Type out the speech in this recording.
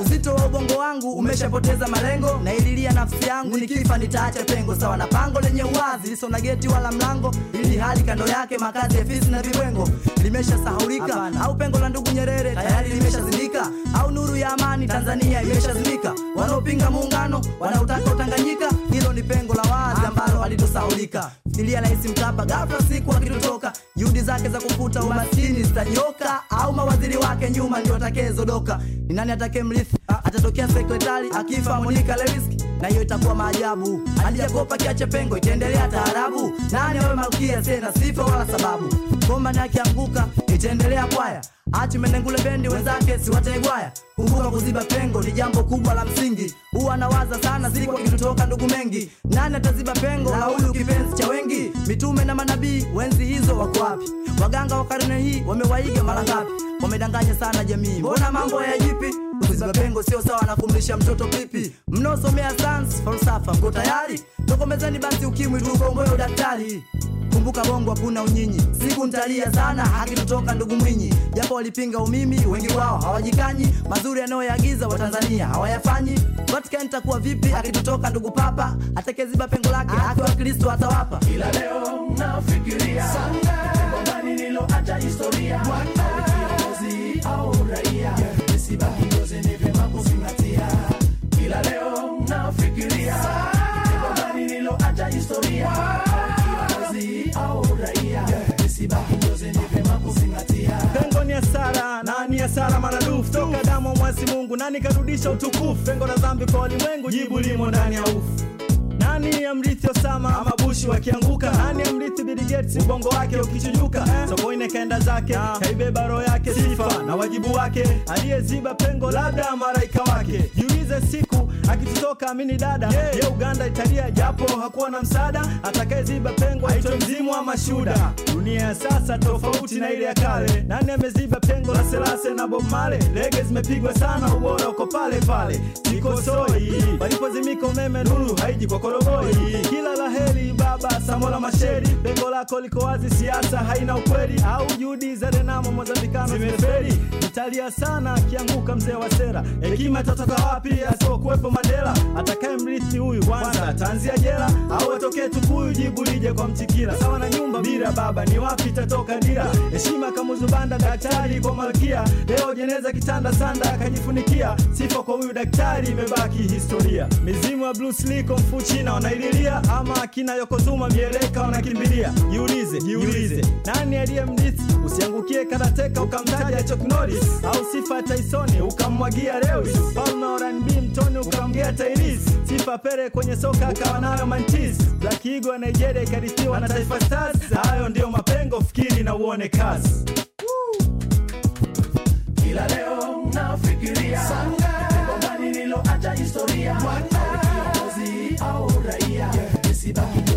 Uzito wa ubongo wangu umeshapoteza malengo, na ililia nafsi yangu, nikifa nitaacha pengo sawa na pango lenye uwazi, liso na geti wala mlango, ili hali kando yake makazi ya fisi na vibwengo limeshasahaulika, au pengo la ndugu Nyerere tayari limeshazindika, au nuru ya amani Tanzania imeshazindika. Wanaopinga muungano wanautaka silia rahisi Mkapa, ghafla siku akitutoka, juhudi zake za kufuta umaskini zitanyoka, au mawaziri wake nyuma ndio atakayezodoka? Ni nani atakayemrithi? Atatokea sekretari akifa Monica Lewinsky na hiyo itakuwa maajabu. Alijakopa kiache pengo, itaendelea taarabu. Nani awe malkia tena, sifa wala sababu. Komba naye akianguka, itaendelea kwaya achi menengule bendi wenzake siwataigwaya. Kumbuka kuziba pengo ni jambo kubwa la msingi. Huwa nawaza sana siku akitutoka ndugu mengi, nani ataziba pengo la huyu kipenzi cha wengi? Mitume na manabii wenzi hizo wako wapi? Waganga wa karne hii wamewaiga mara ngapi? Wamedanganya sana jamii, mbona mambo ya jipi Kuziba pengo sio sawa na kumlisha mtoto pipi. Mnaosomea sans falsafa, mko tayari? Tokomezeni basi ukimwi, tuukomboe udaktari. Kumbuka bongo hakuna unyinyi, siku ntalia sana hakitotoka ndugu Mwinyi. Japo walipinga umimi, wengi wao hawajikanyi, mazuri yanayoyaagiza Watanzania hawayafanyi. Vatican takuwa vipi akitotoka ndugu Papa? atekeziba pengo lake akiwa Kristo atawapa. Kila leo nafikiria nilo historia au raia, nisibaki njozi, ni kuzingatia. Pengo ni hasara na ni maradufu, toka damu ya mwazi Mungu nani karudisha utukufu. Pengo la dhambi kwa walimwengu jibu limo ndani ya ufu. Nani mrithi Osama ama Bushi wakianguka? Nani amrithi Bill Gates ubongo wake ukichujuka? Eh? Sokoni na kaenda zake, ah. kaibeba roho yake, sifa na wajibu wake, aliyeziba pengo labda malaika wake. Jiulize siku akititoka amini dada yeah. ye Uganda italia japo hakuwa na msaada, atakayeziba pengo aitwe mzimu wa mashuda Dunia ya sasa tofauti na ile ya kale, nani ameziba pengo la Selase na bomale Lege zimepigwa sana, ubora uko pale pale, nikosoi walipozimika umeme, nuru haiji kwa koroboi. Kila laheri baba Samola Masheri, pengo lako liko wazi, siasa haina ukweli, au juhudi za Renamo Mozambikano zimeferi Nitalia sana akianguka mzee wa sera. Hekima itatoka wapi asipokuwepo Mandela? Atakaye mrithi huyu kwanza ataanzia jela au atokee tukuyu? Jibu lije kwa Mtikila. Sawa na nyumba bila baba, ni wapi tatoka dira? Heshima kamuzubanda, daktari kwa malkia. Leo jeneza kitanda sanda akajifunikia. Sifa kwa huyu daktari imebaki historia. Mizimu ya Bruce Lee Kung China wanaililia, ama akina Yokozuma mieleka wanakimbilia. Jiulize, jiulize nani aliyemdisi? Usiangukie karateka ukamtaja Chuck Norris. Lewis au sifa Tyson ukamwagia Lewis Palma R&B mtoni ukamgea Tyrese sifa Pere kwenye soka akawa nayo Mantis Black Eagle Nigeria ikarithiwa na Taifa Stars. Hayo ndio mapengo, fikiri na uone kazi. Kila leo nafikiria kwa gomba acha historia, kiongozi au raia, yeah.